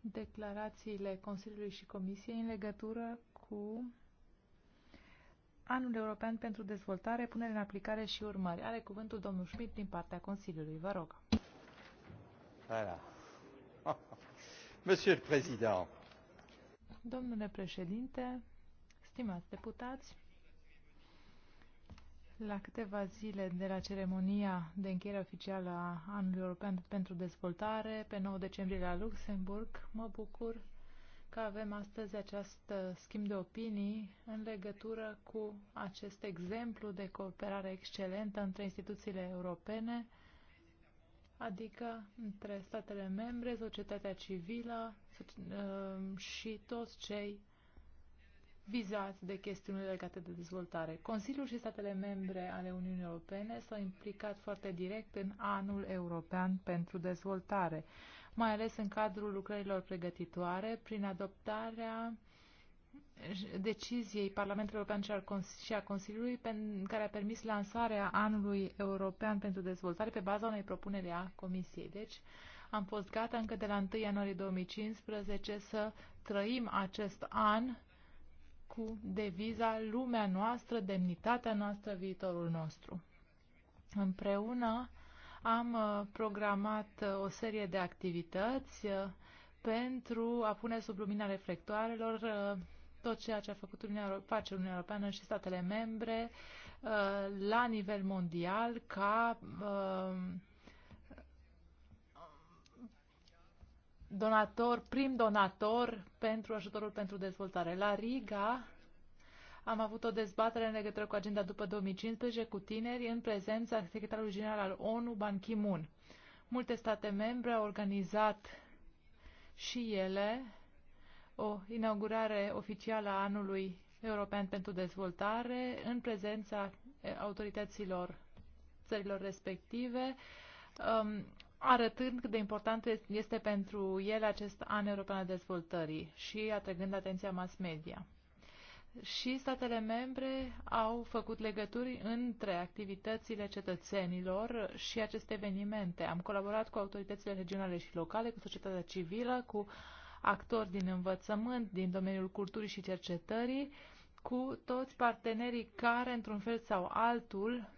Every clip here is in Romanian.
declarațiile Consiliului și Comisiei în legătură cu Anul European pentru Dezvoltare, punere în aplicare și urmări. Are cuvântul domnul Schmidt din partea Consiliului. Vă rog. Voilà. Monsieur le Domnule președinte, stimați deputați, la câteva zile de la ceremonia de încheiere oficială a Anului European pentru Dezvoltare, pe 9 decembrie la Luxemburg, mă bucur că avem astăzi acest schimb de opinii în legătură cu acest exemplu de cooperare excelentă între instituțiile europene, adică între statele membre, societatea civilă uh, și toți cei vizați de chestiunile legate de dezvoltare. Consiliul și statele membre ale Uniunii Europene s-au implicat foarte direct în anul european pentru dezvoltare, mai ales în cadrul lucrărilor pregătitoare prin adoptarea deciziei Parlamentului European și a Consiliului care a permis lansarea anului european pentru dezvoltare pe baza unei propuneri a Comisiei. Deci, am fost gata încă de la 1 ianuarie 2015 să trăim acest an cu deviza lumea noastră, demnitatea noastră, viitorul nostru. Împreună am uh, programat uh, o serie de activități uh, pentru a pune sub lumina reflectoarelor tot ceea ce a făcut Uniunea, face Uniunea Europeană și statele membre la nivel mondial ca donator, prim donator pentru ajutorul pentru dezvoltare. La Riga am avut o dezbatere în legătură cu agenda după 2015 cu tineri în prezența secretarului general al ONU, Ban Ki-moon. Multe state membre au organizat și ele o inaugurare oficială a anului european pentru dezvoltare în prezența autorităților țărilor respective. Um, arătând cât de important este pentru el acest an european al dezvoltării și atrăgând atenția mass media. Și statele membre au făcut legături între activitățile cetățenilor și aceste evenimente. Am colaborat cu autoritățile regionale și locale, cu societatea civilă, cu actori din învățământ, din domeniul culturii și cercetării, cu toți partenerii care, într-un fel sau altul,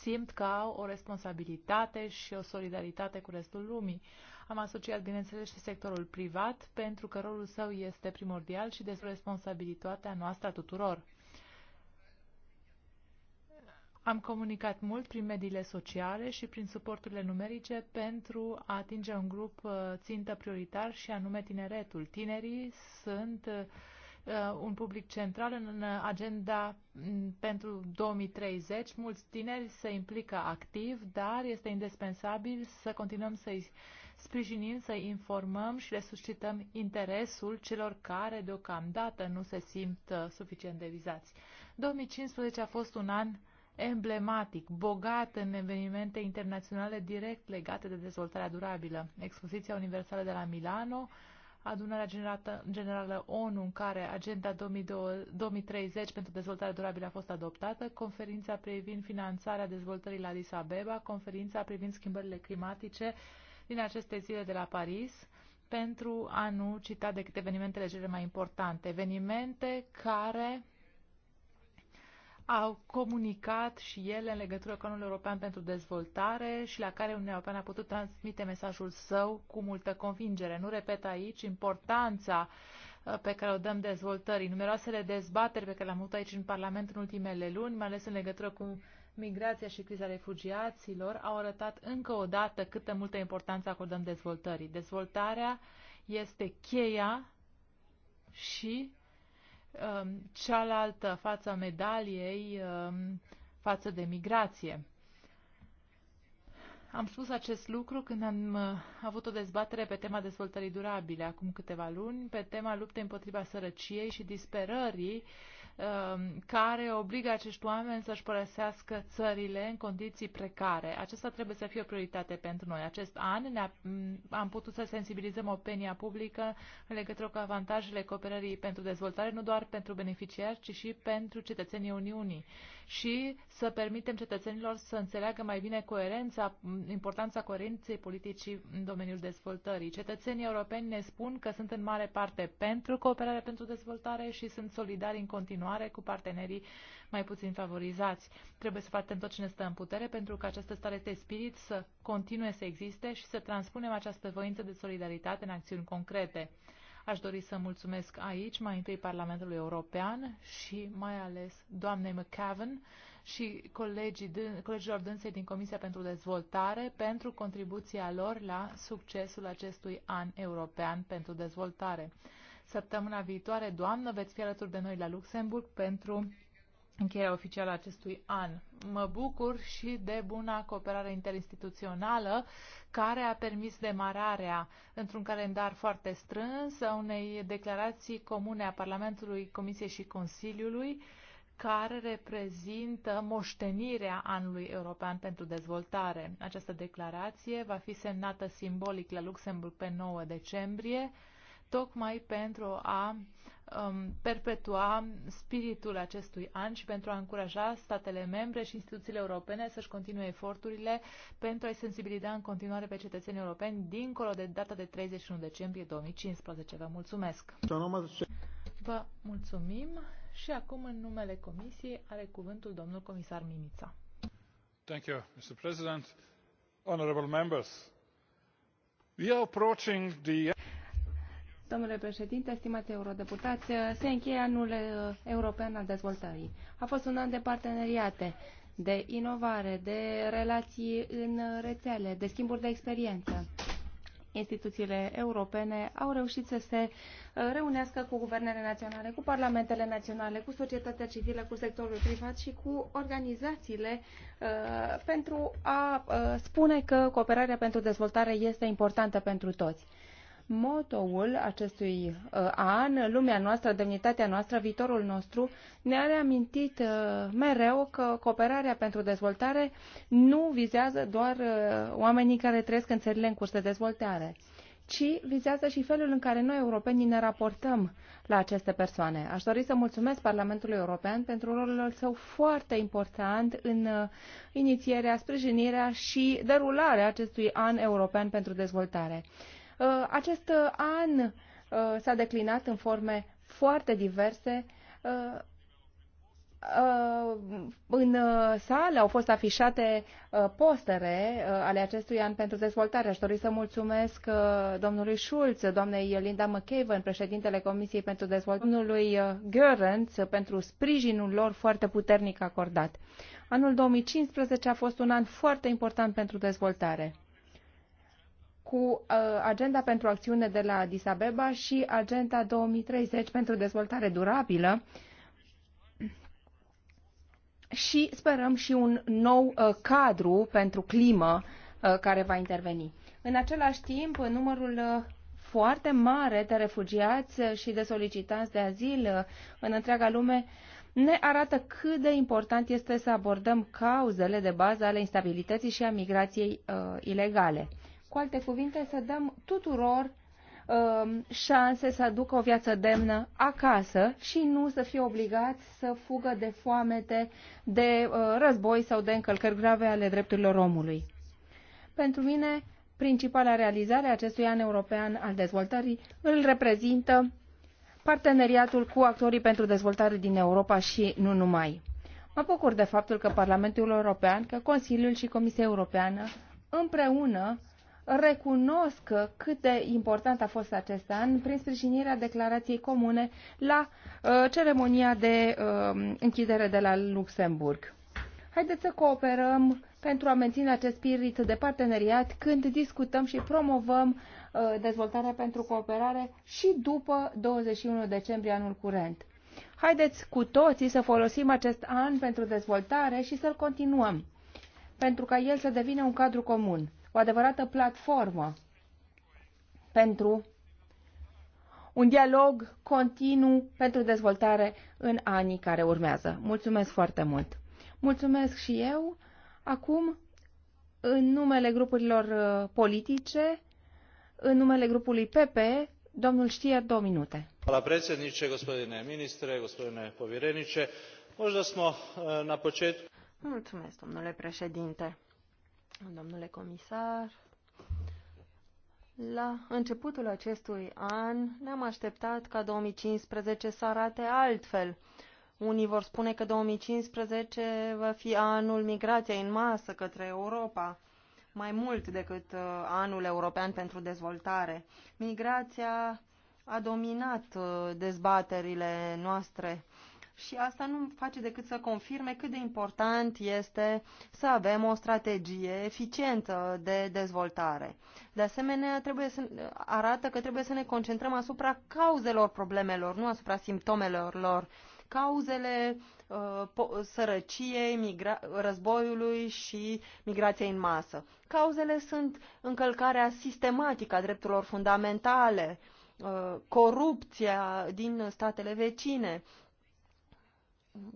simt că au o responsabilitate și o solidaritate cu restul lumii. Am asociat, bineînțeles, și sectorul privat, pentru că rolul său este primordial și despre responsabilitatea noastră a tuturor. Am comunicat mult prin mediile sociale și prin suporturile numerice pentru a atinge un grup uh, țintă prioritar și anume tineretul. Tinerii sunt uh, Uh, un public central în agenda mm, pentru 2030. Mulți tineri se implică activ, dar este indispensabil să continuăm să-i sprijinim, să-i informăm și le suscităm interesul celor care deocamdată nu se simt uh, suficient de vizați. 2015 a fost un an emblematic, bogat în evenimente internaționale direct legate de dezvoltarea durabilă. Expoziția universală de la Milano, adunarea generată, generală ONU în care Agenda 2030 pentru dezvoltare durabilă a fost adoptată, conferința privind finanțarea dezvoltării la Addis Abeba, conferința privind schimbările climatice din aceste zile de la Paris, pentru a nu cita decât evenimentele cele mai importante, evenimente care au comunicat și ele în legătură cu anul european pentru dezvoltare și la care Uniunea Europeană a putut transmite mesajul său cu multă convingere. Nu repet aici importanța uh, pe care o dăm dezvoltării, numeroasele dezbateri pe care le-am avut aici în Parlament în ultimele luni, mai ales în legătură cu migrația și criza refugiaților, au arătat încă o dată câtă multă importanță acordăm dezvoltării. Dezvoltarea este cheia și Um, cealaltă față a medaliei um, față de migrație. Am spus acest lucru când am uh, avut o dezbatere pe tema dezvoltării durabile acum câteva luni, pe tema luptei împotriva sărăciei și disperării uh, Um, care obligă acești oameni să-și părăsească țările în condiții precare. Acesta trebuie să fie o prioritate pentru noi. Acest an ne am putut să sensibilizăm opinia publică în legătură cu avantajele cooperării pentru dezvoltare, nu doar pentru beneficiari, ci și pentru cetățenii Uniunii și să permitem cetățenilor să înțeleagă mai bine coerența, importanța coerenței politicii în domeniul dezvoltării. Cetățenii europeni ne spun că sunt în mare parte pentru cooperare pentru dezvoltare și sunt solidari în continuare continuare cu partenerii mai puțin favorizați. Trebuie să facem tot ce ne stă în putere pentru că această stare de spirit să continue să existe și să transpunem această voință de solidaritate în acțiuni concrete. Aș dori să mulțumesc aici mai întâi Parlamentului European și mai ales doamnei McCavan și colegii, colegilor dânsei din Comisia pentru Dezvoltare pentru contribuția lor la succesul acestui an european pentru dezvoltare. Săptămâna viitoare, doamnă, veți fi alături de noi la Luxemburg pentru încheierea oficială a acestui an. Mă bucur și de buna cooperare interinstituțională care a permis demararea într-un calendar foarte strâns a unei declarații comune a Parlamentului, Comisiei și Consiliului care reprezintă moștenirea anului european pentru dezvoltare. Această declarație va fi semnată simbolic la Luxemburg pe 9 decembrie tocmai pentru a um, perpetua spiritul acestui an și pentru a încuraja statele membre și instituțiile europene să-și continue eforturile pentru a-i sensibiliza în continuare pe cetățenii europeni dincolo de data de 31 decembrie 2015. Vă mulțumesc! Vă mulțumim și acum în numele Comisiei are cuvântul domnul comisar Mimița. Thank you, Mr. President. Honorable members, we are approaching the Domnule președinte, stimați eurodeputați, se încheie anul uh, european al dezvoltării. A fost un an de parteneriate, de inovare, de relații în rețele, de schimburi de experiență instituțiile europene au reușit să se uh, reunească cu guvernele naționale, cu parlamentele naționale, cu societatea civilă, cu sectorul privat și cu organizațiile uh, pentru a spune că cooperarea pentru dezvoltare este importantă pentru toți. Motoul acestui uh, an, lumea noastră, demnitatea noastră, viitorul nostru, ne-a reamintit uh, mereu că cooperarea pentru dezvoltare nu vizează doar uh, oamenii care trăiesc în țările în curs de dezvoltare ci vizează și felul în care noi, europenii, ne raportăm la aceste persoane. Aș dori să mulțumesc Parlamentului European pentru rolul său foarte important în inițierea, sprijinirea și derularea acestui an european pentru dezvoltare. Uh, acest uh, an uh, s-a declinat în forme foarte diverse. În sală au fost afișate postere ale acestui an pentru dezvoltare. Aș dori să mulțumesc domnului Schulz, doamnei Linda McCaven, președintele Comisiei pentru Dezvoltare, domnului Görenț pentru sprijinul lor foarte puternic acordat. Anul 2015 a fost un an foarte important pentru dezvoltare cu uh, agenda pentru acțiune de la Addis Abeba și agenda 2030 pentru dezvoltare durabilă și sperăm și un nou uh, cadru pentru climă uh, care va interveni. În același timp, numărul foarte mare de refugiați și de solicitanți de azil în întreaga lume ne arată cât de important este să abordăm cauzele de bază ale instabilității și a migrației uh, ilegale. Cu alte cuvinte, să dăm tuturor um, șanse să aducă o viață demnă acasă și nu să fie obligați să fugă de foamete, de uh, război sau de încălcări grave ale drepturilor omului. Pentru mine, principala realizare a acestui an european al dezvoltării îl reprezintă parteneriatul cu actorii pentru dezvoltare din Europa și nu numai. Mă bucur de faptul că Parlamentul European, că Consiliul și Comisia Europeană împreună recunosc cât de important a fost acest an prin sprijinirea declarației comune la uh, ceremonia de um, închidere de la Luxemburg. Haideți să cooperăm pentru a menține acest spirit de parteneriat când discutăm și promovăm uh, dezvoltarea pentru cooperare și după 21 decembrie anul curent. Haideți cu toții să folosim acest an pentru dezvoltare și să-l continuăm, pentru ca el să devină un cadru comun o adevărată platformă pentru un dialog continuu pentru dezvoltare în anii care urmează. Mulțumesc foarte mult! Mulțumesc și eu! Acum, în numele grupurilor uh, politice, în numele grupului PP, domnul Știer, două minute. La predsjedniče, gospodine ministre, gospodine povirenice, uh, Mulțumesc, domnule președinte domnule comisar, la începutul acestui an ne-am așteptat ca 2015 să arate altfel. Unii vor spune că 2015 va fi anul migrației în masă către Europa, mai mult decât uh, anul european pentru dezvoltare. Migrația a dominat uh, dezbaterile noastre și asta nu face decât să confirme cât de important este să avem o strategie eficientă de dezvoltare. De asemenea, trebuie să, arată că trebuie să ne concentrăm asupra cauzelor problemelor, nu asupra simptomelor lor. Cauzele uh, sărăciei, războiului și migrației în masă. Cauzele sunt încălcarea sistematică a drepturilor fundamentale, uh, corupția din statele vecine,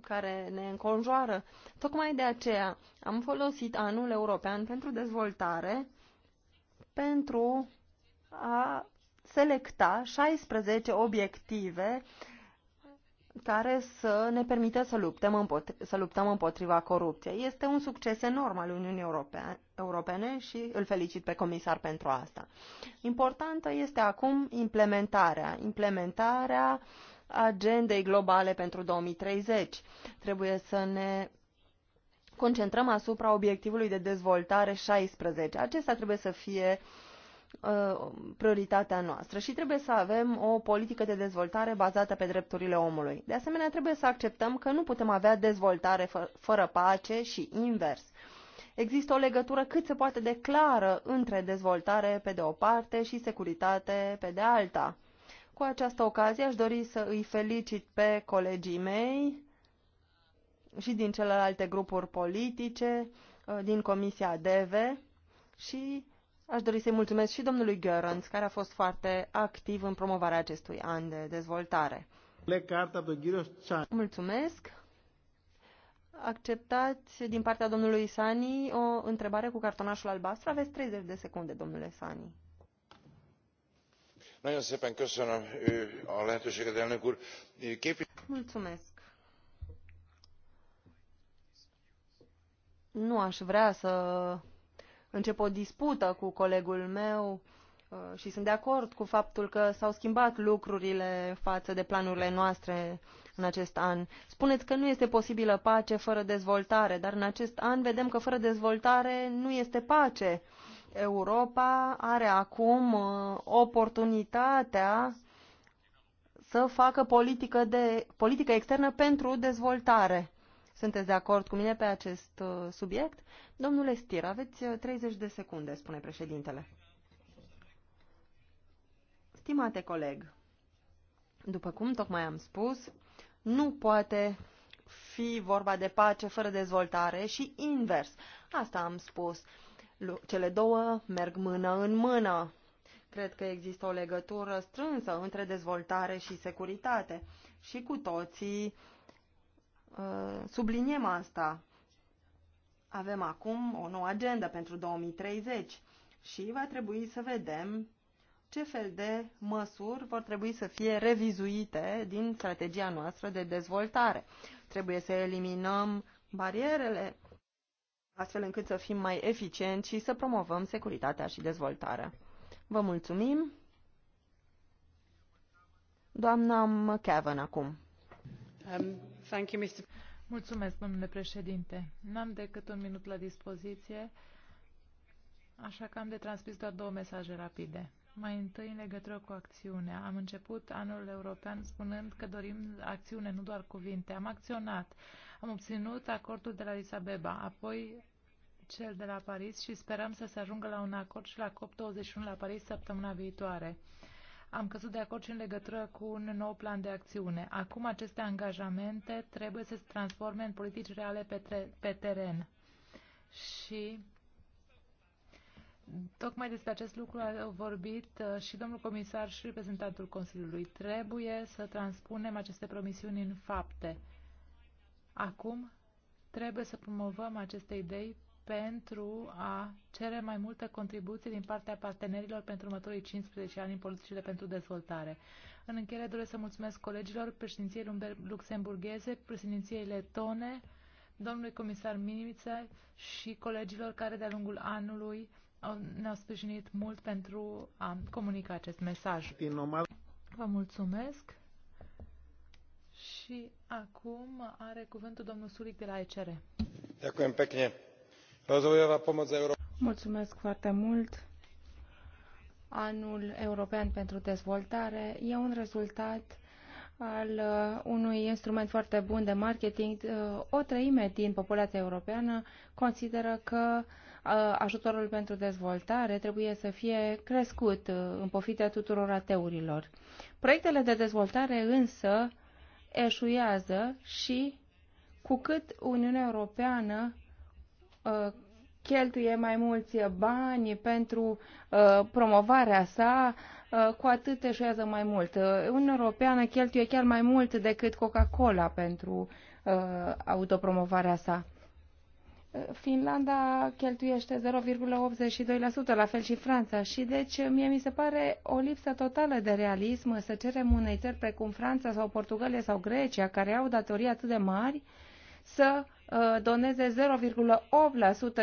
care ne înconjoară. Tocmai de aceea am folosit anul european pentru dezvoltare pentru a selecta 16 obiective care să ne permită să luptăm, împotri- să luptăm împotriva corupției. Este un succes enorm al Uniunii Europene și îl felicit pe comisar pentru asta. Importantă este acum implementarea. Implementarea uh, agendei globale pentru 2030. Trebuie să ne concentrăm asupra obiectivului de dezvoltare 16. Acesta trebuie să fie uh, prioritatea noastră și trebuie să avem o politică de dezvoltare bazată pe drepturile omului. De asemenea, trebuie să acceptăm că nu putem avea dezvoltare fă fără pace și invers. Există o legătură cât se poate de clară între dezvoltare pe de o parte și securitate pe de alta. Cu această ocazie aș dori să îi felicit pe colegii mei și din celelalte grupuri politice, uh, din Comisia DEVE și aș dori să-i mulțumesc și domnului Görans, care a fost foarte activ în promovarea acestui an de dezvoltare. Mulțumesc. Acceptați din partea domnului Sani o întrebare cu cartonașul albastru. Aveți 30 de secunde, domnule Sani. Mulțumesc. nu aș vrea să încep o dispută cu colegul meu uh, și sunt de acord cu faptul că s-au schimbat lucrurile față de planurile noastre în acest an. Spuneți că nu este posibilă pace fără dezvoltare, dar în acest an vedem că fără dezvoltare nu este pace. Uh, Europa are acum uh, oportunitatea să facă politică, de, politică externă pentru dezvoltare. Sunteți de acord cu mine pe acest uh, subiect? Domnule Stir, aveți 30 uh, de secunde, spune președintele. Stimate coleg, după cum tocmai am spus, nu poate fi vorba de pace fără dezvoltare și invers. Asta am spus. Cele două merg mână în mână. Cred că există o legătură strânsă între dezvoltare și securitate și cu toții uh, subliniem asta. Avem acum o nouă agendă pentru 2030 și va trebui să vedem ce fel de măsuri vor trebui să fie revizuite din strategia noastră de dezvoltare. Trebuie să eliminăm barierele astfel încât să fim mai eficienți și să promovăm securitatea și dezvoltarea. Vă mulțumim. Doamna McAvan acum. Um, thank you, Mr. Mulțumesc, domnule președinte. N-am decât un minut la dispoziție, așa că am de transmis doar două mesaje rapide. Mai întâi, în legătură cu acțiunea. Am început anul european spunând că dorim acțiune, nu doar cuvinte. Am acționat. Am obținut acordul de la Lisabeba, apoi cel de la Paris și sperăm să se ajungă la un acord și la COP21 la Paris săptămâna viitoare. Am căzut de acord și în legătură cu un nou plan de acțiune. Acum aceste angajamente trebuie să se transforme în politici reale pe, pe teren. Și Tocmai despre acest lucru a vorbit uh, și domnul comisar și reprezentantul Consiliului. Trebuie să transpunem aceste promisiuni în fapte. Acum trebuie să promovăm aceste idei pentru a cere mai multă contribuție din partea partenerilor pentru următorii 15 ani în politicile pentru dezvoltare. În încheiere doresc să mulțumesc colegilor, președinției luxemburgheze, președinției letone, domnului comisar Minimiță și colegilor care de-a lungul anului ne-au sprijinit mult pentru a comunica acest mesaj. Vă mulțumesc. Și acum are cuvântul domnul Sulic de la ECR. Mulțumesc foarte mult. Anul European pentru Dezvoltare e un rezultat al uh, unui instrument foarte bun de marketing. Uh, o treime din populația europeană consideră că uh, ajutorul pentru dezvoltare trebuie să fie crescut în pofita tuturor ateurilor. Proiectele de dezvoltare însă eșuează și cu cât Uniunea Europeană cheltuie mai mulți bani pentru promovarea sa, cu atât eșuează mai mult. Uniunea Europeană cheltuie chiar mai mult decât Coca-Cola pentru autopromovarea sa. Finlanda cheltuiește 0,82%, la fel și Franța. Și deci mie mi se pare o lipsă totală de realism să cerem unei țări precum Franța sau Portugalia sau Grecia, care au datorii atât de mari, să uh, doneze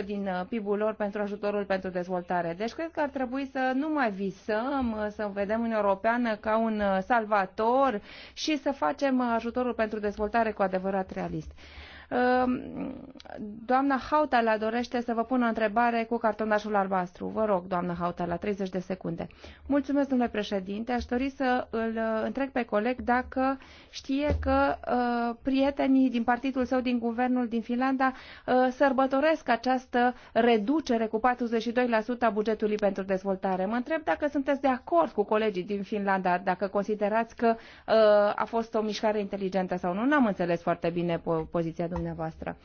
0,8% din uh, PIB-ul lor pentru ajutorul pentru dezvoltare. Deci cred că ar trebui să nu mai visăm, uh, să vedem Uniunea Europeană ca un salvator și să facem ajutorul pentru dezvoltare cu adevărat realist. Ehm, doamna Hautala dorește să vă pună întrebare cu cartonașul albastru. Vă rog, doamna Hautala, 30 de secunde. Mulțumesc, domnule președinte. Aș dori să îl uh, întreg pe coleg dacă știe că uh, prietenii din partidul său din guvernul din Finlanda uh, sărbătoresc această reducere cu 42% a bugetului pentru dezvoltare. Mă întreb dacă sunteți de acord cu colegii din Finlanda, dacă considerați că a fost o mișcare inteligentă sau nu. N-am înțeles foarte bine poziția dumneavoastră dumneavoastră.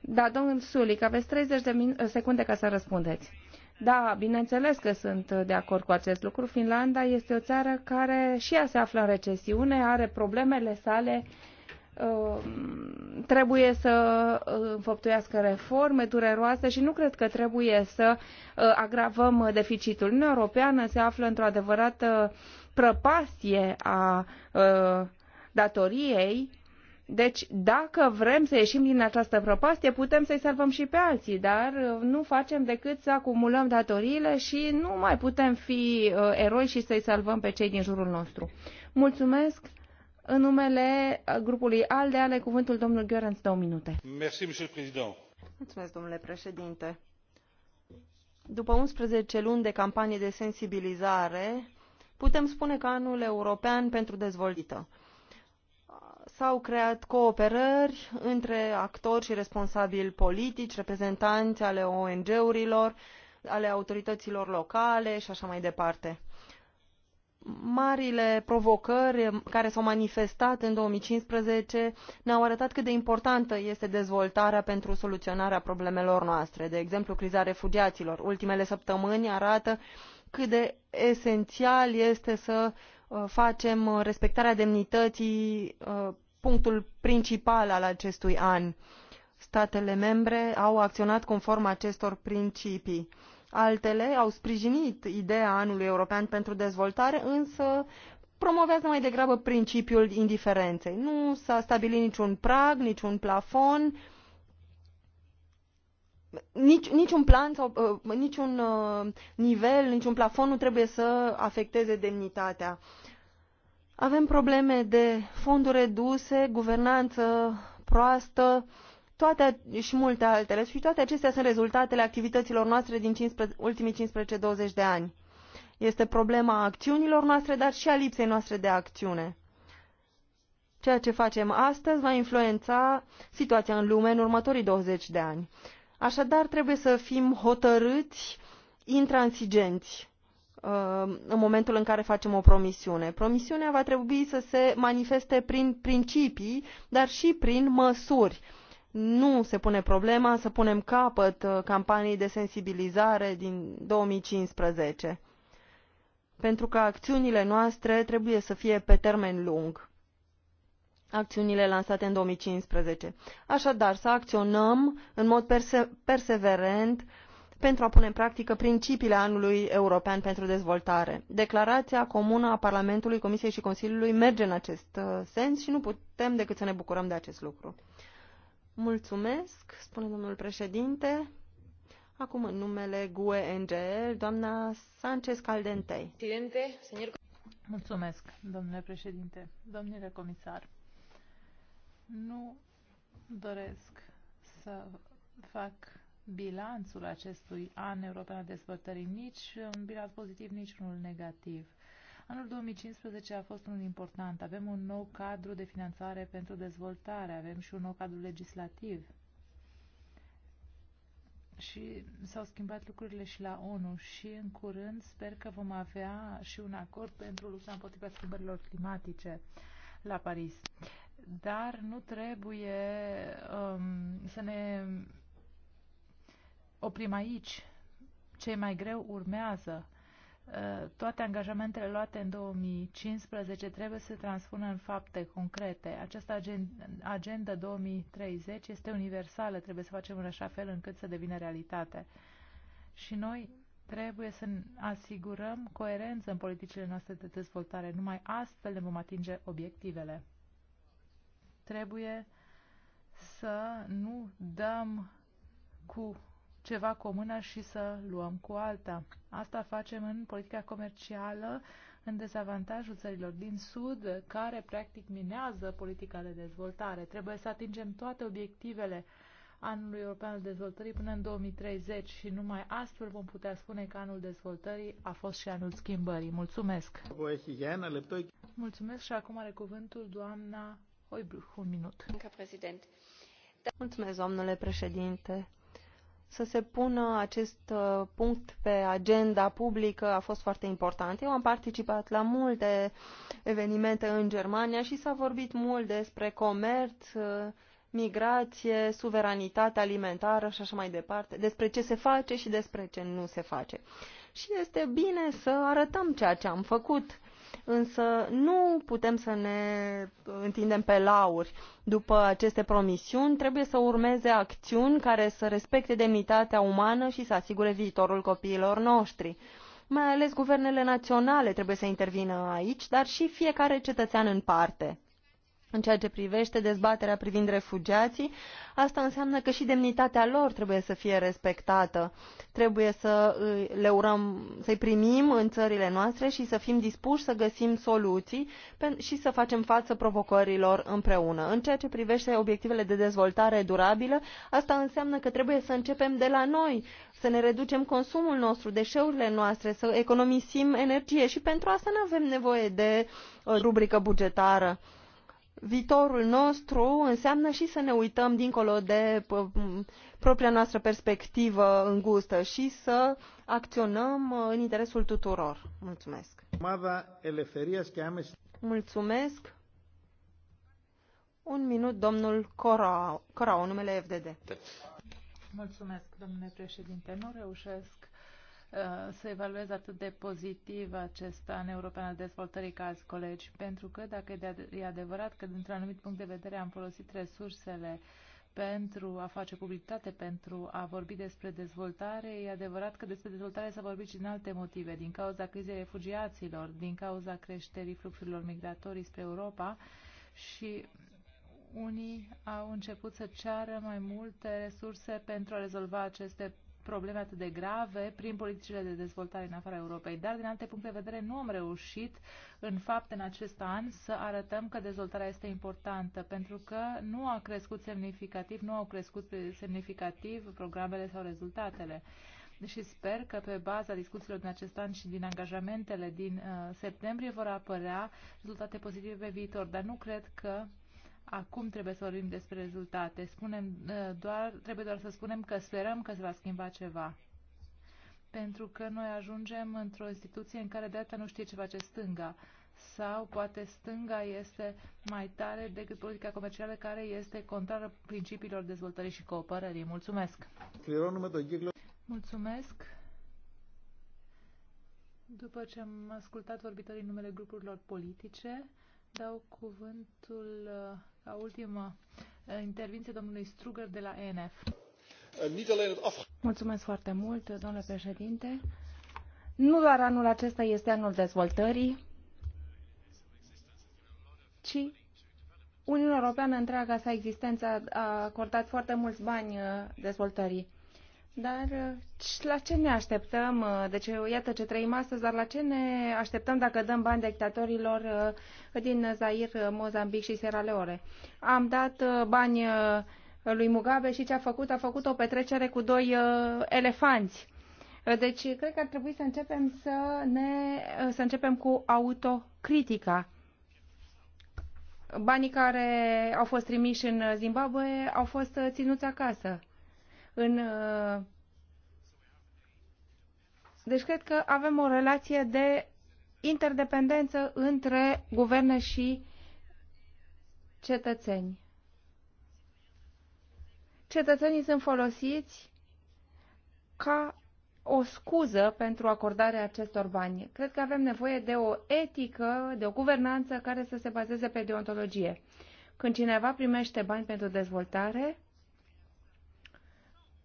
Da, domnul Sulic, aveți 30 de secunde ca să răspundeți. Da, bineînțeles că sunt de acord cu acest lucru. Finlanda este o țară care și ea se află în recesiune, are problemele sale, uh, trebuie să uh, înfăptuiască reforme dureroase și nu cred că trebuie să uh, agravăm deficitul. Uniunea Europeană se află într-o adevărată prăpastie a datoriei deci, dacă vrem să ieșim din această prăpastie, putem să-i salvăm și pe alții, dar uh, nu facem decât să acumulăm datoriile și nu mai putem fi uh, eroi și să-i salvăm pe cei din jurul nostru. Mulțumesc! În numele uh, grupului ALDE, ale cuvântul domnul Gheorens, două minute. Merci, monsieur président. Mulțumesc, domnule președinte. După 11 luni de campanie de sensibilizare, putem spune că anul european pentru dezvoltare S-au creat cooperări între actori și responsabili politici, reprezentanți ale ONG-urilor, ale autorităților locale și așa mai departe. Marile provocări care s-au manifestat în 2015 ne-au arătat cât de importantă este dezvoltarea pentru soluționarea problemelor noastre. De exemplu, criza refugiaților. Ultimele săptămâni arată cât de esențial este să uh, facem uh, respectarea demnității uh, punctul principal al acestui an statele membre au acționat conform acestor principii altele au sprijinit ideea anului european pentru dezvoltare însă promovează mai degrabă principiul indiferenței nu s a stabilit niciun prag niciun plafon nici, niciun plan sau uh, niciun uh, nivel niciun plafon nu trebuie să afecteze demnitatea uh, avem probleme de fonduri reduse, guvernanță proastă, toate și multe altele. Și toate acestea sunt rezultatele activităților noastre din 15, ultimii 15-20 de ani. Este problema acțiunilor noastre, dar și a lipsei noastre de acțiune. Ceea ce facem astăzi va influența situația în lume în următorii 20 de ani. Așadar, trebuie să fim hotărâți, intransigenți Uh, în momentul în care facem o promisiune. Promisiunea va trebui să se manifeste prin principii, dar și prin măsuri. Nu se pune problema să punem capăt uh, campaniei de sensibilizare din 2015, pentru că acțiunile noastre trebuie să fie pe termen lung. Acțiunile lansate în 2015. Așadar, să acționăm în mod perse perseverent pentru a pune în practică principiile anului european pentru dezvoltare. declarația comună a parlamentului comisiei și consiliului merge în acest uh, sens și nu putem decât să ne bucurăm de acest lucru. Mulțumesc, spune domnul președinte. Acum în numele GUE NGL, doamna Sanchez Caldentei. Mulțumesc, domnule președinte, domnule comisar. Nu doresc să fac bilanțul acestui an european al dezvoltării, nici un bilanț pozitiv, nici unul negativ. Anul 2015 a fost unul important. Avem un nou cadru de finanțare pentru dezvoltare, avem și un nou cadru legislativ. Și s-au schimbat lucrurile și la ONU și în curând sper că vom avea și un acord pentru lupta împotriva schimbărilor climatice la Paris. Dar nu trebuie um, să ne oprim aici. ce mai greu urmează. Uh, toate angajamentele luate în 2015 trebuie să se transpună în fapte concrete. Această agenda 2030 este universală, trebuie să facem în așa fel încât să devină realitate. Și noi trebuie să asigurăm coerență în politicile noastre de dezvoltare. Numai astfel ne vom atinge obiectivele. Trebuie să nu dăm cu ceva cu o mână și să luăm cu alta. Asta facem în politica comercială, în dezavantajul țărilor din Sud, care practic minează politica de dezvoltare. Trebuie să atingem toate obiectivele anului european al dezvoltării până în 2030 și numai astfel vom putea spune că anul dezvoltării a fost și anul schimbării. Mulțumesc! Mulțumesc și acum are cuvântul doamna Hoibruch. Un minut. Mulțumesc, domnule președinte să se pună acest uh, punct pe agenda publică a fost foarte important. Eu am participat la multe evenimente în Germania și s-a vorbit mult despre comerț uh, migrație, suveranitate alimentară și așa mai departe, despre ce se face și despre ce nu se face. Și este bine să arătăm ceea ce am făcut, însă nu putem să ne întindem pe lauri. După aceste promisiuni, trebuie să urmeze acțiuni care să respecte demnitatea umană și să asigure viitorul copiilor noștri mai ales guvernele naționale trebuie să intervină aici, dar și fiecare cetățean în parte în ceea ce privește dezbaterea privind refugiații, asta înseamnă că și demnitatea lor trebuie să fie respectată. Trebuie să le urăm, să-i primim în țările noastre și să fim dispuși să găsim soluții și să facem față provocărilor împreună. În ceea ce privește obiectivele de dezvoltare durabilă, asta înseamnă că trebuie să începem de la noi, să ne reducem consumul nostru, deșeurile noastre, să economisim energie și pentru asta nu avem nevoie de uh, rubrică bugetară viitorul nostru înseamnă și să ne uităm dincolo de propria noastră perspectivă îngustă și să acționăm uh, în interesul tuturor. Mulțumesc. Mulțumesc. Un minut, domnul Corau, Corao numele FDD. Mulțumesc, domnule președinte. Nu reușesc Uh, să evaluez atât de pozitiv acest an european al dezvoltării ca alți colegi, pentru că dacă e adevărat că dintr-un anumit punct de vedere am folosit resursele pentru a face publicitate, pentru a vorbi despre dezvoltare. E adevărat că despre dezvoltare s-a vorbit și din alte motive, din cauza crizei refugiaților, din cauza creșterii fluxurilor migratorii spre Europa și unii au început să ceară mai multe resurse pentru a rezolva aceste probleme atât de grave prin politicile de dezvoltare în afara Europei. Dar, din alte puncte de vedere, nu am reușit, în fapt, în acest an să arătăm că dezvoltarea este importantă, pentru că nu a crescut semnificativ, nu au crescut semnificativ programele sau rezultatele și sper că pe baza discuțiilor din acest an și din angajamentele din uh, septembrie vor apărea rezultate pozitive pe viitor, dar nu cred că Acum trebuie să vorbim despre rezultate. Spunem, uh, doar, trebuie doar să spunem că sperăm că se va schimba ceva. Pentru că noi ajungem într-o instituție în care dreapta nu știe ce face stânga. Sau poate stânga este mai tare decât politica comercială care este contrară principiilor dezvoltării și cooperării. Mulțumesc! Mulțumesc! După ce am ascultat vorbitorii numele grupurilor politice, dau cuvântul uh, ca ultimă eh, intervenție domnului Struger de la ENF. Mulțumesc foarte mult, domnule președinte. Nu doar anul acesta este anul dezvoltării, ci Uniunea Europeană întreaga sa existență a acordat foarte mulți bani eh, dezvoltării. Dar uh, la ce ne așteptăm? Uh, deci, uh, iată ce trăim astăzi, dar la ce ne așteptăm dacă dăm bani dictatorilor din Zair, Mozambic și Sierra Leone? Am dat bani lui Mugabe și ce a făcut? A făcut o petrecere cu doi elefanți. Deci, cred că ar trebui să începem, să ne, să începem cu autocritica. Banii care au fost trimiși în Zimbabwe au fost ținuți acasă în uh, deci cred că avem o relație de interdependență între guverne și cetățeni. Cetățenii sunt folosiți ca o scuză pentru acordarea acestor bani. Cred că avem nevoie de o etică, de o guvernanță care să se bazeze pe deontologie. Când cineva primește bani pentru dezvoltare,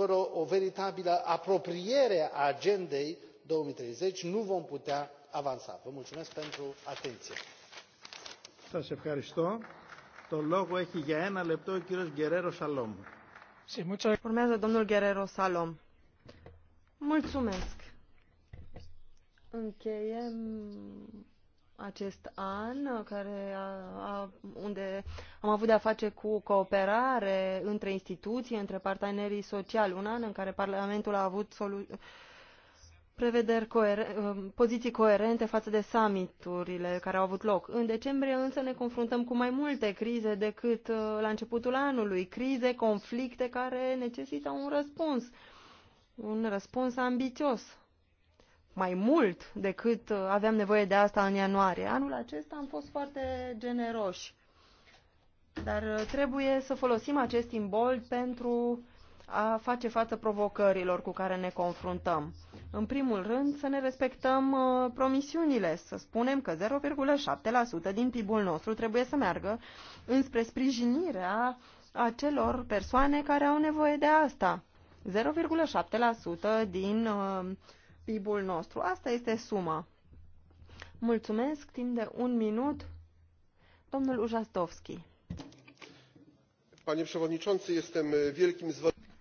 fără o veritabilă apropiere a agendei două mii treizeci nu vom putea avansa. vă mulțumesc pentru atenție. Urmează domnul Guerrero Salom. Mulțumesc acest an, care a, a, unde am avut de-a face cu cooperare între instituții, între partenerii sociali, un an în care Parlamentul a avut solu- prevederi coer- um, poziții coerente față de summiturile care au avut loc. În decembrie însă ne confruntăm cu mai multe crize decât uh, la începutul anului, crize, conflicte care necesită un răspuns, un răspuns ambițios mai mult decât uh, aveam nevoie de asta în ianuarie. Anul acesta am fost foarte generoși. Dar uh, trebuie să folosim acest simbol pentru a face față provocărilor cu care ne confruntăm. În primul rând, să ne respectăm uh, promisiunile, să spunem că 0,7% din PIB-ul nostru trebuie să meargă înspre sprijinirea acelor persoane care au nevoie de asta. 0,7% din uh, PIB-ul nostru. Asta este suma. Mulțumesc. Timp de un minut. Domnul Ujastovski. Panie przewodniczący, jestem wielkim zwolennikiem.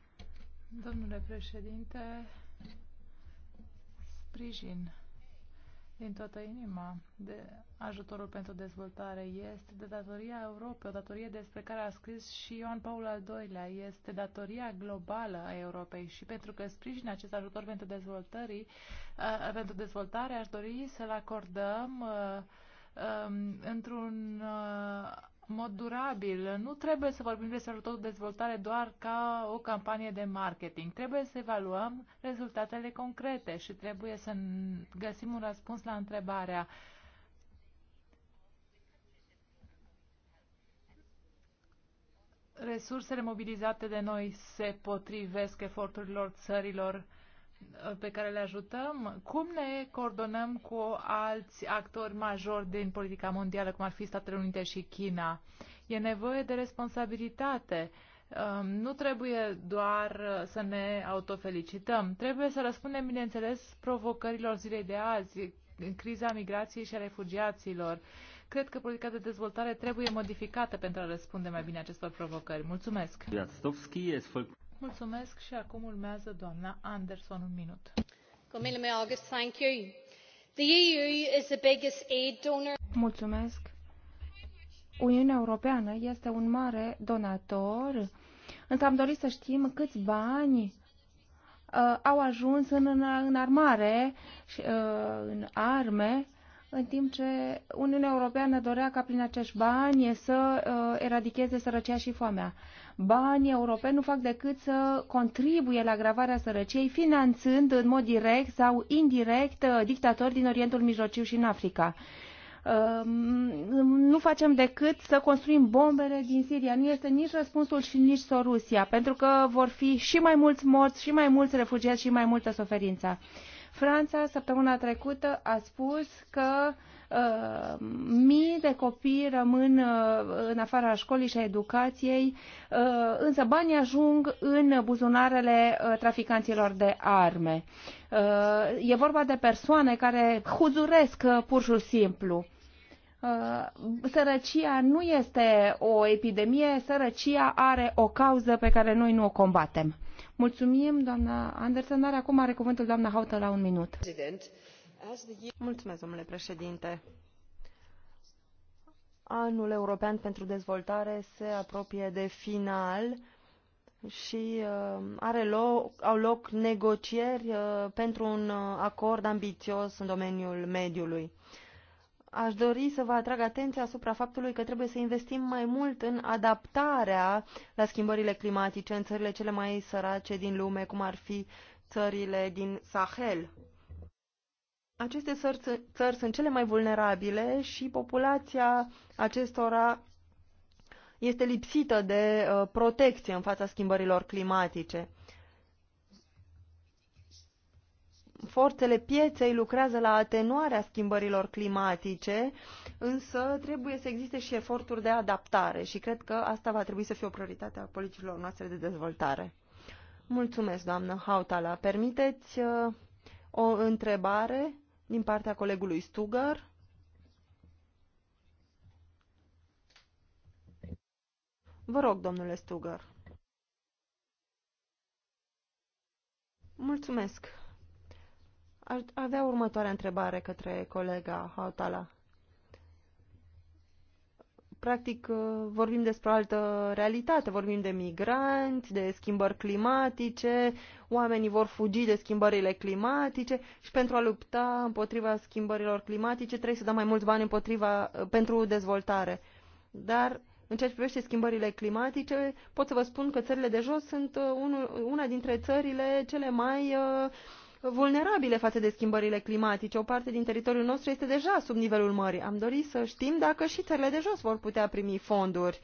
Domnule președinte, sprijin din toată inima. De ajutorul pentru dezvoltare este de datoria Europei, o datorie despre care a scris și Ioan Paul al II-lea. Este datoria globală a Europei și pentru că sprijină acest ajutor pentru, dezvoltării, uh, pentru dezvoltare, aș dori să-l acordăm uh, um, într-un uh, mod durabil. Nu trebuie să vorbim despre tot dezvoltare doar ca o campanie de marketing. Trebuie să evaluăm rezultatele concrete și trebuie să găsim un răspuns la întrebarea resursele mobilizate de noi se potrivesc eforturilor țărilor pe care le ajutăm, cum ne coordonăm cu alți actori majori din politica mondială, cum ar fi Statele Unite și China. E nevoie de responsabilitate. Um, nu trebuie doar uh, să ne autofelicităm. Trebuie să răspundem, bineînțeles, provocărilor zilei de azi, criza migrației și a refugiaților. Cred că politica de dezvoltare trebuie modificată pentru a răspunde mai bine acestor provocări. Mulțumesc! Mulțumesc și acum urmează doamna Anderson un minut. Mulțumesc. Uniunea Europeană este un mare donator, însă am dorit să știm câți bani uh, au ajuns în, în, în armare, și, uh, în arme, în timp ce Uniunea Europeană dorea ca prin acești bani să uh, eradicheze sărăcia și foamea banii europeni nu fac decât să contribuie la agravarea sărăciei, finanțând în mod direct sau indirect uh, dictatori din Orientul Mijlociu și în Africa um, nu facem decât să construim bombele din Siria. Nu este nici răspunsul și nici soluția, pentru că vor fi și mai mulți morți, și mai mulți refugiați, și mai multă suferință. Franța, săptămâna trecută, a spus că uh, Uh, mii de copii rămân uh, în afara școlii și a educației, uh, însă banii ajung în buzunarele traficanților de arme. E vorba de persoane care huzuresc pur și simplu sărăcia nu este o epidemie, sărăcia are o cauză pe care noi nu o combatem. Mulțumim, doamna Anderson. Are acum are cuvântul doamna Haută la un minut. Mulțumesc, domnule președinte. Anul European pentru Dezvoltare se apropie de final și uh, are loc, au loc negocieri uh, pentru un uh, acord ambițios în domeniul mediului. Aș dori să vă atrag atenția asupra faptului că trebuie să investim mai mult în adaptarea la schimbările climatice în țările cele mai sărace din lume, cum ar fi țările din Sahel aceste țări, țări sunt cele mai vulnerabile și populația acestora este lipsită de uh, protecție în fața schimbărilor climatice. Forțele pieței lucrează la atenuarea schimbărilor climatice, însă trebuie să existe și eforturi de adaptare și cred că asta va trebui să fie o prioritate a politicilor noastre de dezvoltare. Mulțumesc, doamnă Hautala. Permiteți uh, o întrebare? din partea colegului Stugar. Vă rog, domnule Stugar. Mulțumesc. Aș avea următoarea întrebare către colega Hautala practic uh, vorbim despre o altă realitate, vorbim de migranți, de schimbări climatice, oamenii vor fugi de schimbările climatice și pentru a lupta împotriva schimbărilor climatice trebuie să dăm mai mulți bani împotriva, uh, pentru dezvoltare. Dar în ceea ce privește schimbările climatice, pot să vă spun că țările de jos sunt uh, una dintre țările cele mai uh, vulnerabile față de schimbările climatice. O parte din teritoriul nostru este deja sub nivelul mării. Am dorit să știm dacă și țările de jos vor putea primi fonduri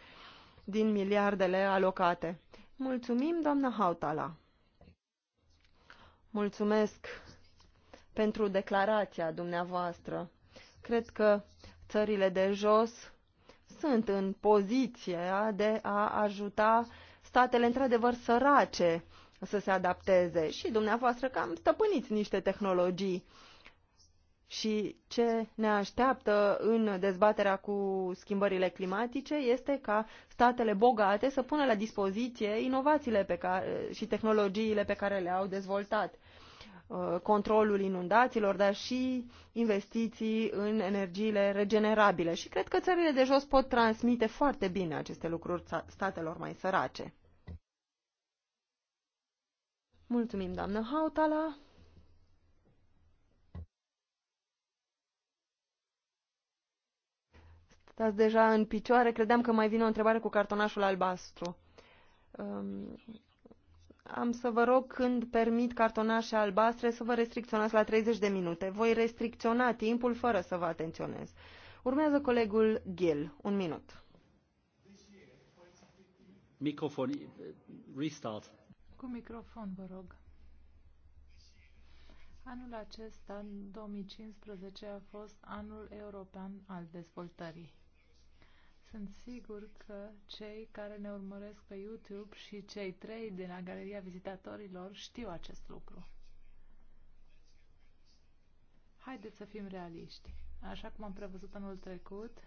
din miliardele alocate. Mulțumim, doamna Hautala. Mulțumesc pentru declarația dumneavoastră. Cred că țările de jos sunt în poziția de a ajuta statele într-adevăr sărace să se adapteze și dumneavoastră cam stăpâniți niște tehnologii. Și ce ne așteaptă în dezbaterea cu schimbările climatice este ca statele bogate să pună la dispoziție inovațiile pe care, și tehnologiile pe care le-au dezvoltat uh, controlul inundațiilor, dar și investiții în energiile regenerabile. Și cred că țările de jos pot transmite foarte bine aceste lucruri statelor mai sărace. Mulțumim, doamnă Hautala. Stați deja în picioare. Credeam că mai vine o întrebare cu cartonașul albastru. Um, am să vă rog, când permit cartonașe albastre, să vă restricționați la 30 de minute. Voi restricționa timpul fără să vă atenționez. Urmează colegul Gil. Un minut. Microfon. Restart. Cu microfon, vă rog. Anul acesta, 2015, a fost anul european al dezvoltării. Sunt sigur că cei care ne urmăresc pe YouTube și cei trei din la Galeria Vizitatorilor știu acest lucru. Haideți să fim realiști. Așa cum am prevăzut anul trecut,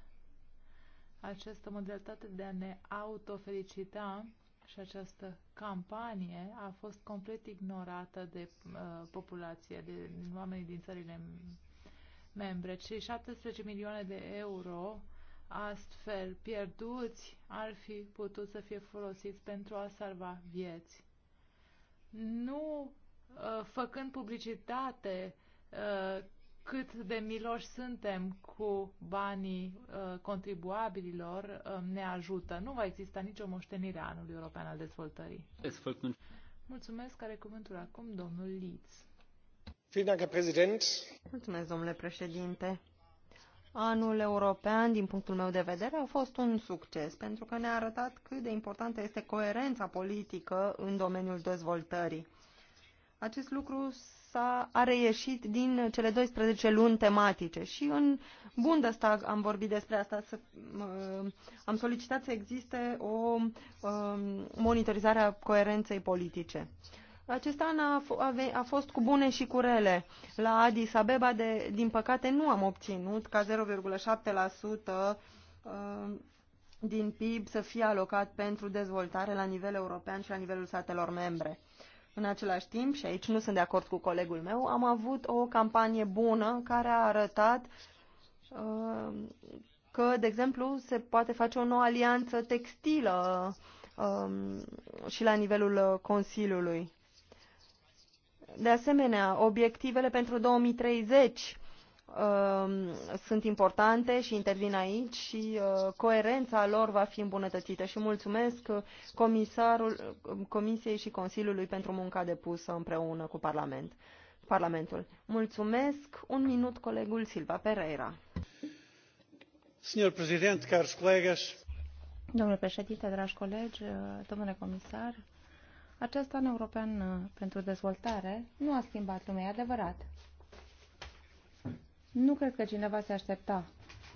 această modalitate de a ne autofelicita și această campanie a fost complet ignorată de uh, populație, de oamenii din țările membre. Și 17 milioane de euro astfel pierduți ar fi putut să fie folosiți pentru a salva vieți. Nu uh, făcând publicitate uh, cât de miloși suntem cu banii uh, contribuabililor uh, ne ajută. Nu va exista nicio moștenire a anului european al dezvoltării. Mulțumesc. Care cuvântul acum domnul Liț. Mulțumesc, domnule președinte. Anul european, din punctul meu de vedere, a fost un succes pentru că ne-a arătat cât de importantă este coerența politică în domeniul dezvoltării. Acest lucru s-a a reieșit din cele 12 luni tematice și în Bundestag am vorbit despre asta, să, uh, am solicitat să existe o uh, monitorizare a coerenței politice. Acest an a, a, a fost cu bune și cu rele. La Addis Abeba, de, din păcate, nu am obținut ca 0,7% uh, um, din PIB să fie alocat pentru dezvoltare la nivel european și la nivelul statelor membre. În același timp, și aici nu sunt de acord cu colegul meu, am avut o campanie bună care a arătat uh, că, de exemplu, se poate face o nouă alianță textilă um, și la nivelul uh, Consiliului. De asemenea, obiectivele pentru 2030 Um, sunt importante și intervin aici și uh, coerența lor va fi îmbunătățită și mulțumesc uh, comisarul, um, Comisiei și Consiliului pentru munca depusă împreună cu Parlament. Parlamentul. Mulțumesc. Un minut, colegul Silva Pereira. Domnule președinte, dragi colegi, uh, domnule comisar, acest an european pentru dezvoltare nu a schimbat lumea, adevărat. Nu cred că cineva se aștepta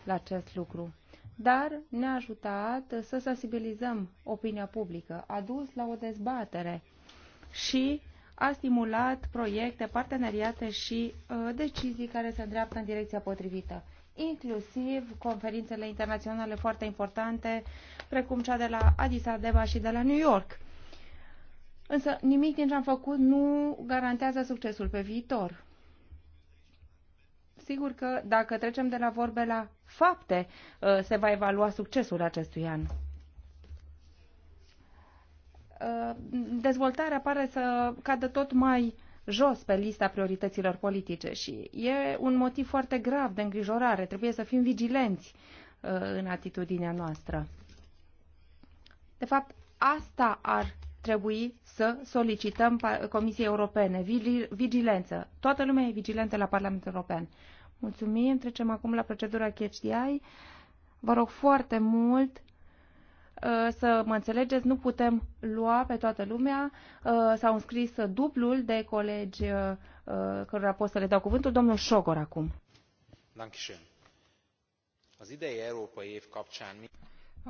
la acest lucru, dar ne-a ajutat să sensibilizăm opinia publică, a dus la o dezbatere și a stimulat proiecte, parteneriate și uh, decizii care se îndreaptă în direcția potrivită, inclusiv conferințele internaționale foarte importante, precum cea de la Addis Abeba și de la New York. Însă nimic din ce am făcut nu garantează succesul pe viitor. Sigur că dacă trecem de la vorbe la fapte, uh, se va evalua succesul acestui an. Uh, dezvoltarea pare să cadă tot mai jos pe lista priorităților politice și e un motiv foarte grav de îngrijorare. Trebuie să fim vigilenți uh, în atitudinea noastră. De fapt, asta ar trebui să solicităm Comisiei Europene, vigilență. Toată lumea e vigilentă la Parlamentul European. Mulțumim. Trecem acum la procedura CHDI. Vă rog foarte mult uh, să mă înțelegeți, nu putem lua pe toată lumea. Uh, s-au înscris dublul de colegi uh, cărora pot să le dau cuvântul. Domnul Șogor acum. Vă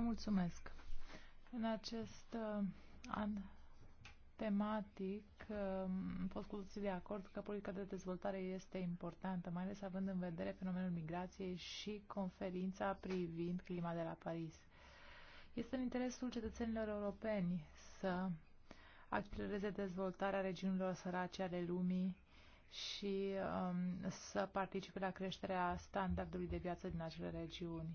mulțumesc. În acest an Tematic, um, am fost cu toții de acord că politica de dezvoltare este importantă, mai ales având în vedere fenomenul migrației și conferința privind clima de la Paris. Este în interesul cetățenilor europeni să accelereze dezvoltarea regiunilor sărace ale lumii și um, să participe la creșterea standardului de viață din acele regiuni.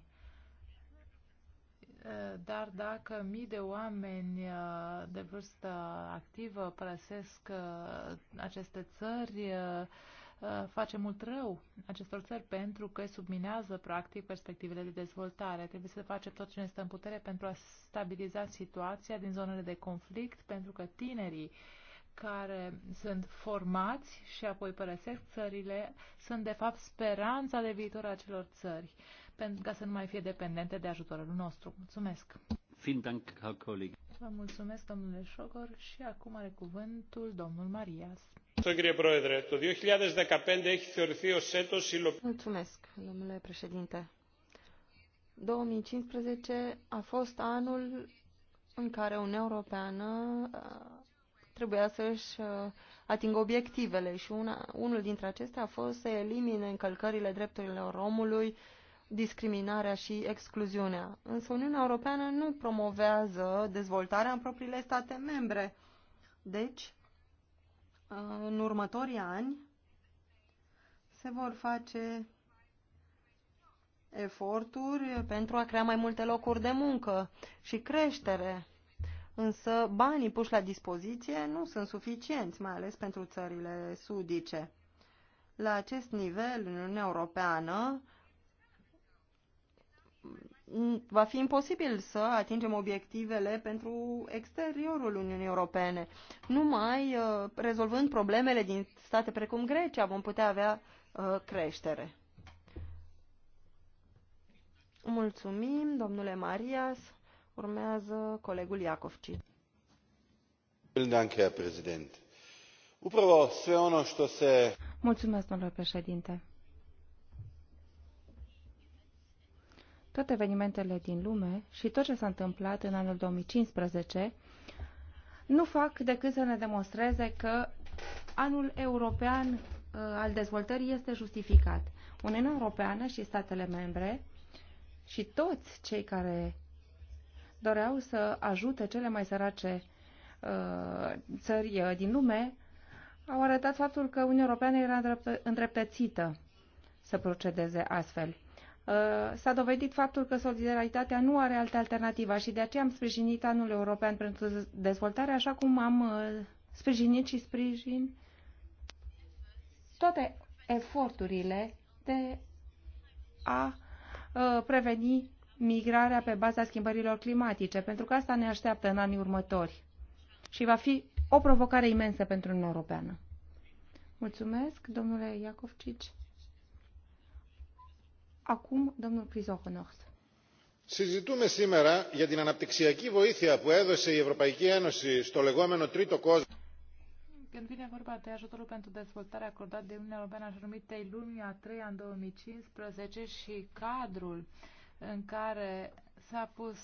Eh, dar dacă mii de oameni eh, de vârstă activă părăsesc eh, aceste țări, face mult rău acestor țări pentru că subminează practic perspectivele de dezvoltare. Trebuie să facem tot ce ne stă în putere pentru a stabiliza situația din zonele de conflict, pentru că tinerii care sunt formați și apoi părăsesc țările sunt de fapt speranța de viitor a celor țări pentru ca să nu mai fie dependente de ajutorul nostru. Mulțumesc! Vă mulțumesc, domnule Șogor, și acum are cuvântul domnul Marias. Mulțumesc, domnule președinte. 2015 a fost anul în care Uniunea Europeană uh, trebuia să-și uh, atingă obiectivele și una, unul dintre acestea a fost să elimine încălcările drepturilor omului discriminarea și excluziunea. Însă Uniunea Europeană nu promovează dezvoltarea în propriile state membre. Deci, în următorii ani se vor face eforturi pentru a crea mai multe locuri de muncă și creștere. Însă banii puși la dispoziție nu sunt suficienți, mai ales pentru țările sudice. La acest nivel, în Uniunea Europeană, va fi imposibil să atingem obiectivele pentru exteriorul Uniunii Europene. Numai uh, rezolvând problemele din state precum Grecia vom putea avea uh, creștere. Mulțumim, domnule Marias. Urmează colegul Iacovci. Mulțumesc, domnule președinte toate evenimentele din lume și tot ce s-a întâmplat în anul 2015 nu fac decât să ne demonstreze că anul european uh, al dezvoltării este justificat. Uniunea Europeană și statele membre și toți cei care doreau să ajute cele mai sărace uh, țări uh, din lume au arătat faptul că Uniunea Europeană era îndreptățită să procedeze astfel. Uh, s-a dovedit faptul că solidaritatea nu are altă alternativă și de aceea am sprijinit anul european pentru dezvoltare, așa cum am uh, sprijinit și sprijin toate eforturile de a uh, preveni migrarea pe baza schimbărilor climatice, pentru că asta ne așteaptă în anii următori și va fi o provocare imensă pentru Uniunea Europeană. Mulțumesc, domnule Iacovcici. Acum, domnul Crizohonos. Συζητούμε σήμερα για την αναπτυξιακή βοήθεια που έδωσε η Ευρωπαϊκή Ένωση στο λεγόμενο τρίτο κόσμο. Când vine vorba de ajutorul pentru dezvoltare acordat de Uniunea Europeană așa numitei Lumia 3 în 2015 și cadrul în care s-a pus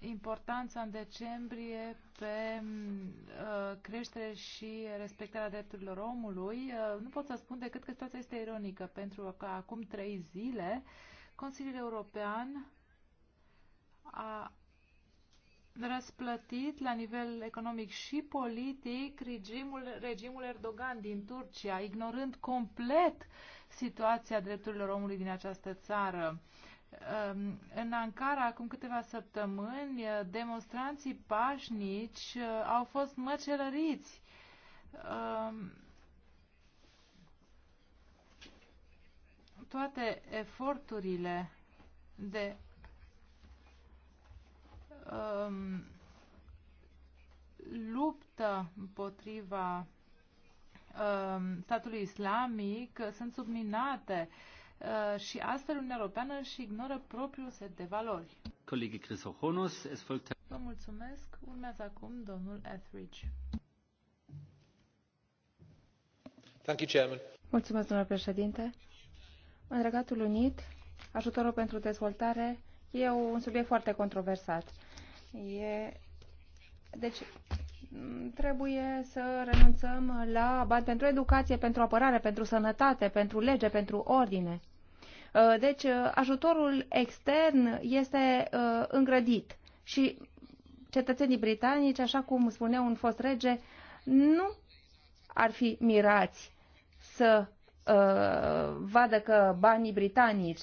importanța în decembrie pe uh, creștere și respectarea drepturilor omului, uh, nu pot să spun decât că situația este ironică, pentru că acum trei zile Consiliul European a răsplătit la nivel economic și politic regimul, regimul Erdogan din Turcia, ignorând complet situația drepturilor omului din această țară. Uh, Ehm, în Ankara, acum câteva săptămâni, eh, demonstranții pașnici eh, au fost măcelăriți. Ehm, toate eforturile de ehm, luptă împotriva statului islamic sunt subminate. Uh, și astfel Uniunea Europeană și ignoră propriul set de valori. Colegii Crisohonos, es folgt... Vă mulțumesc. Urmează acum domnul Etheridge. Thank you, Chairman. Mulțumesc, domnule președinte. În Regatul Unit, ajutorul pentru dezvoltare e un subiect foarte controversat. E... Deci, trebuie să renunțăm la bani pentru educație, pentru apărare, pentru sănătate, pentru lege, pentru ordine. Uh, deci uh, ajutorul extern este uh, îngrădit și cetățenii britanici, așa cum spunea un fost rege, nu ar fi mirați să vadă că banii britanici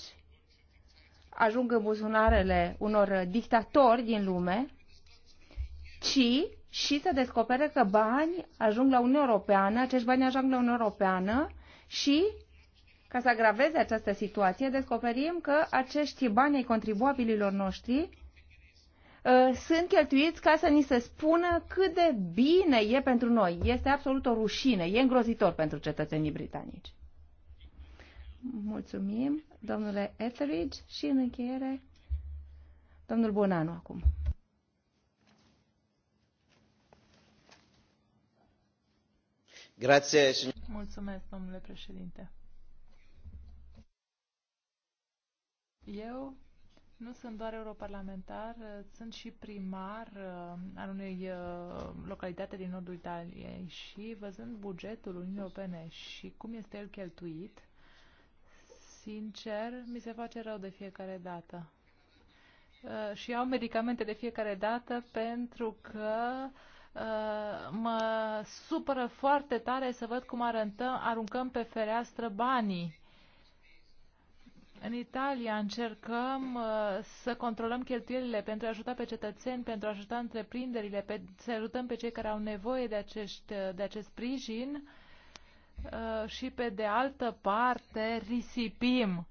ajung în buzunarele unor dictatori din lume, ci și să descopere că bani ajung la Uniunea Europeană, acești bani ajung la Uniunea Europeană și, ca să agraveze această situație, descoperim că acești bani ai contribuabililor noștri uh, sunt cheltuiți ca să ni se spună cât de bine e pentru noi. Este absolut o rușine, e îngrozitor pentru cetățenii britanici. Mulțumim, domnule Etheridge, și în încheiere, domnul Bonanu acum. Mulțumesc, domnule președinte. Eu nu sunt doar europarlamentar, sunt și primar uh, al unei uh, localitate din nordul Italiei și văzând bugetul Uniunii Europene și cum este el cheltuit, sincer, mi se face rău de fiecare dată. Uh, și au medicamente de fiecare dată pentru că uh, Uh, mă supără foarte tare să văd cum arăntăm, aruncăm pe fereastră banii. În Italia încercăm uh, să controlăm cheltuielile pentru a ajuta pe cetățeni, pentru a ajuta întreprinderile, pe, să ajutăm pe cei care au nevoie de, acești, uh, de acest sprijin și pe de altă parte risipim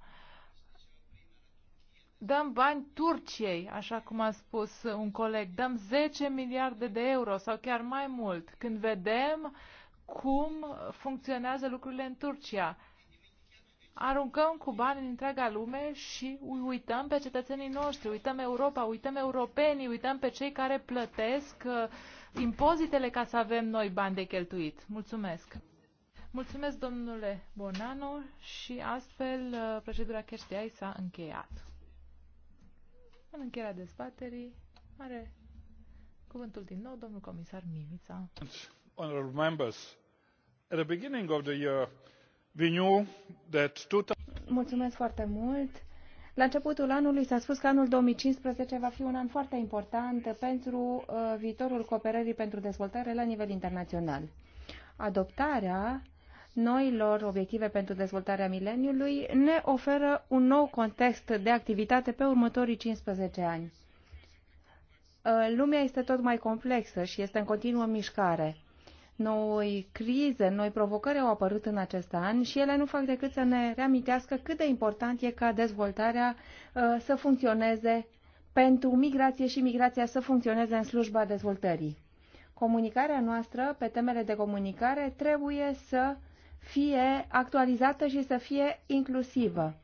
dăm bani Turciei, așa cum a spus un coleg, dăm 10 miliarde de euro sau chiar mai mult, când vedem cum funcționează lucrurile în Turcia. Aruncăm cu bani în întreaga lume și uităm pe cetățenii noștri, uităm Europa, uităm europenii, uităm pe cei care plătesc uh, impozitele ca să avem noi bani de cheltuit. Mulțumesc! Mulțumesc, domnule Bonano, și astfel uh, procedura Chestia s-a încheiat. În încheierea dezbaterii are cuvântul din nou domnul comisar Mimița. Honorable members, at the beginning of the year, we knew that two... Mulțumesc foarte mult. La începutul anului s-a spus că anul 2015 va fi un an foarte important pentru uh, viitorul cooperării pentru dezvoltare la nivel internațional. Adoptarea noilor obiective pentru dezvoltarea mileniului ne oferă un nou context de activitate pe următorii 15 ani. Ă, lumea este tot mai complexă și este în continuă mișcare. Noi crize, noi provocări au apărut în acest an și ele nu fac decât să ne reamintească cât de important e ca dezvoltarea ă, să funcționeze pentru migrație și migrația să funcționeze în slujba dezvoltării comunicarea noastră pe temele de comunicare trebuie să fie actualizată și să fie inclusivă.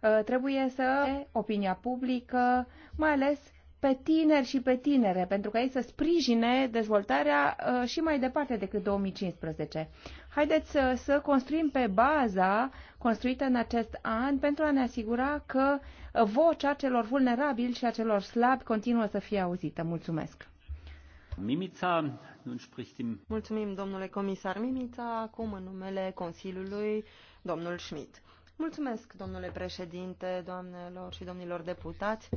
Uh, trebuie să opinia publică, mai ales pe tineri și pe tinere, pentru că ei să sprijine dezvoltarea uh, și mai departe decât 2015. Haideți uh, să construim pe baza construită în acest an pentru a ne asigura că vocea celor vulnerabili și a celor slabi continuă să fie auzită. Mulțumesc! Mimița, nu spricht im... Mulțumim, domnule comisar Mimița, acum în numele Consiliului, domnul Schmidt. Mulțumesc, domnule președinte, doamnelor și domnilor deputați.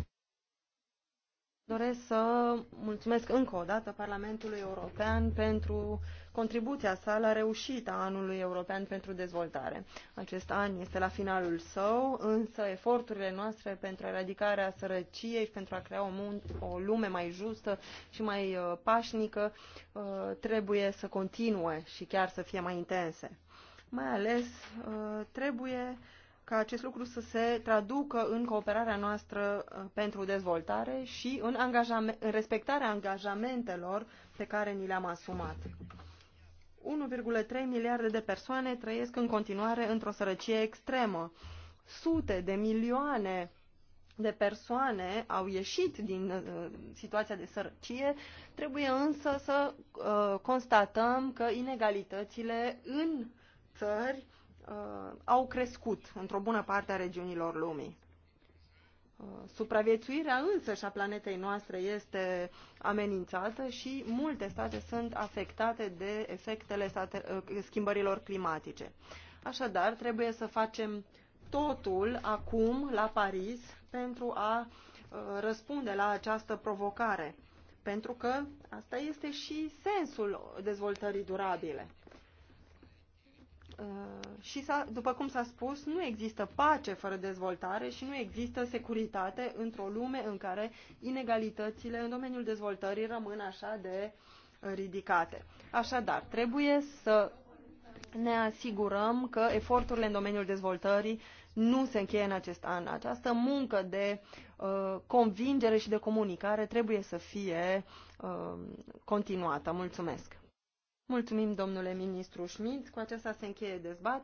Doresc să mulțumesc încă o dată Parlamentului European pentru contribuția sa la reușita anului european pentru dezvoltare. Acest an este la finalul său, însă eforturile noastre pentru eradicarea sărăciei și pentru a crea o, o lume mai justă și mai uh, pașnică uh, trebuie să continue și chiar să fie mai intense. Mai ales uh, trebuie ca acest lucru să se traducă în cooperarea noastră uh, pentru dezvoltare și în, angajame- în respectarea angajamentelor pe care ni le-am asumat. 1,3 miliarde de persoane trăiesc în continuare într-o sărăcie extremă. Sute de milioane de persoane au ieșit din uh, situația de sărăcie, trebuie însă să uh, constatăm că inegalitățile în țări uh, au crescut într-o bună parte a regiunilor lumii. Uh, supraviețuirea însă și a planetei noastre este amenințată și multe state sunt afectate de efectele uh, schimbărilor climatice. Așadar, trebuie să facem totul acum la Paris pentru a uh, răspunde la această provocare, pentru că asta este și sensul dezvoltării durabile. Uh, și după cum s-a spus, nu există pace fără dezvoltare și nu există securitate într-o lume în care inegalitățile în domeniul dezvoltării rămân așa de uh, ridicate. Așadar, trebuie să ne asigurăm că eforturile în domeniul dezvoltării nu se încheie în acest an. Această muncă de uh, convingere și de comunicare trebuie să fie uh, continuată. Mulțumesc! Mulțumim, domnule ministru Schmidt. Cu aceasta se încheie dezbaterea.